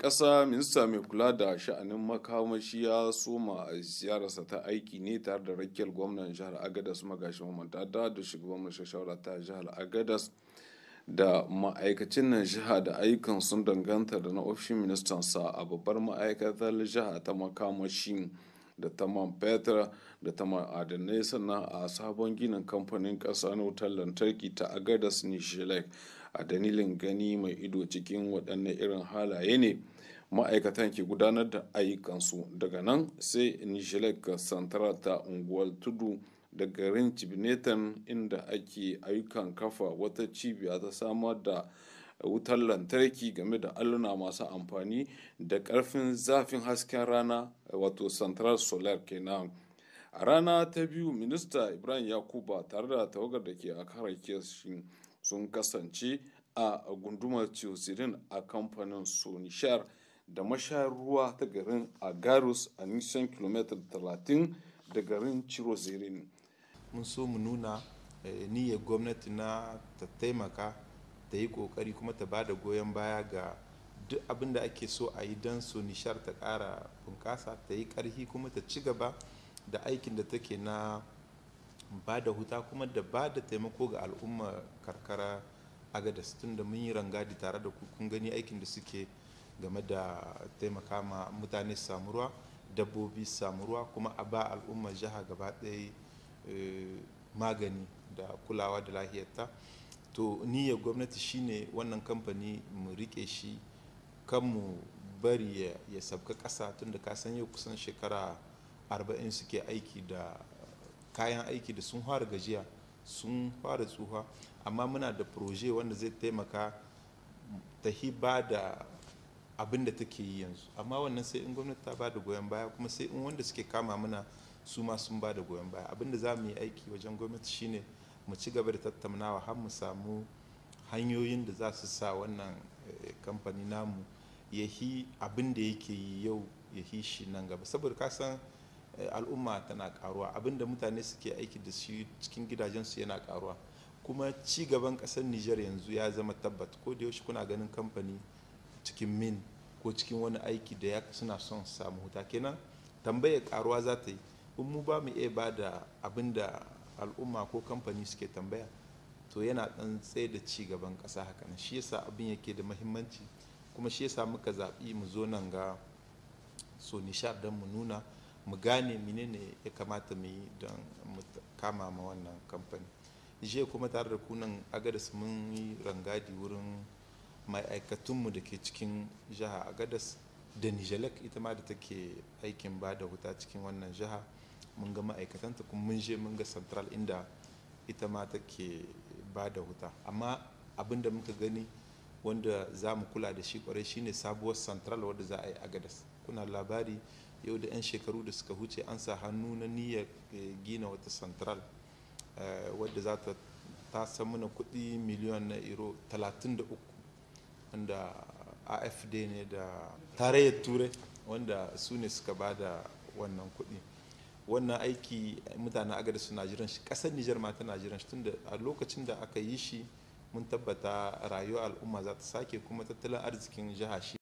ƙasa minista mai kula da sha'anin makamashi ya soma a ziyararsa ta aiki ne tare da rakiyar gwamnan jihar agadas magashi mamanta da shugaban mai shawara ta jihar agadas da ma'aikacin nan jiha da ayyukan sun danganta da na ofishin ministansa a babbar ma'aikatar jiha ta makamashi da ta man Petra da ta ma'adanai sannan a sabon ginin kamfanin ƙasa na wutar lantarki ta agadas nishilek a dalilin gani mai ido cikin waɗannan irin halaye ne ma'aikatan ke gudanar da ayyukansu daga nan sai nishilek santara ta unguwar tudu da garin cibinetan inda ake ayyukan kafa wata cibiya ta samar da wutar lantarki game da alluna masu amfani da karfin zafin hasken rana wato central solar kenan a rana ta biyu minista ibrahim yakuba tare da tawagar da ke a kare shi sun kasance a gundumar Tiozirin a kamfanin Sonishar da mashayar ruwa ta garin Agarus a nisan kilomita 30 da garin Cirozirin. Mun so mu nuna eh, niyyar gwamnati na ta taimaka ta yi kokari kuma ta bada goyon baya ga duk abin da ake so a yi don nishar ta ƙara bunƙasa ta yi ƙarfi kuma ta ci gaba da aikin da take na ba da huta kuma da ba da taimako ga al'umma karkara agadas tun da mun yi rangadi tare da kun gani aikin da suke game da taimaka ma mutane samurwa dabbobi samurwa kuma a ba al'umma jiha gaba ɗaya eh, magani da kulawa da lahiyarta to niyyar gwamnati shine wannan kamfani mu rike shi kan mu bari ya sabka ƙasa tun da ka san yau kusan shekara 40 suke aiki da kayan aiki da sun fara gajiya sun fara tsufa amma muna da proje wanda zai taimaka ta ba da abin da take yi yanzu amma wannan sai in gwamnati ta ba da goyon baya kuma sai in wanda suke kama muna su ma sun ba da goyon baya abin da za mu yi aiki wajen gwamnati shine mu ci gaba da tattaunawa har mu samu hanyoyin da za su sa wannan eh, kamfani namu yahi abin da yake yi yau ya yahi shi nan gaba saboda ka san Eh, al'umma tana karuwa abinda mutane suke aiki da shi cikin gidajensu yana karuwa kuma ci gaban kasar niger yanzu ya zama tabbat ko da yaushe kuna ganin kamfani cikin min ko cikin wani aiki da ya suna son samu huta kenan tambaya karuwa za ta yi in mu ba mu iya ba da abin da al'umma ko kamfani suke tambaya to yana dan tsaye da ci gaban ƙasa haka nan shi yasa abin yake da muhimmanci kuma shi yasa muka zaɓi mu zo nan ga so nishar dan mu nuna mu gane menene ya kamata mu yi don mu kama ma wannan kamfani jiya kuma tare da kunan agadas mun yi rangadi wurin ma'aikatunmu da ke cikin jiha agadas da nijalek ita ma da take aikin ba da wuta cikin wannan jiha mun ga ma'aikatanta kuma mun je mun ga central inda ita ma take ba da wuta amma abin da muka gani wanda za mu kula da shi kwarai shine sabuwar central wadda za a yi agadas kuna labari yau da 'yan shekaru da suka huce an sa hannu na niyyar eh, gina wata central eh, wadda za ta tasa mana kudi miliyan na euro 33 wanda afd ne da tarayyar turai wanda su ne suka ba da wannan kudi wannan aiki mutanen agada suna jiran shi kasar nijar ma tana jiran shi tunda a lokacin da aka yi shi mun tabbata rayuwar al'umma za ta sake kuma tattalin arzikin jiha shi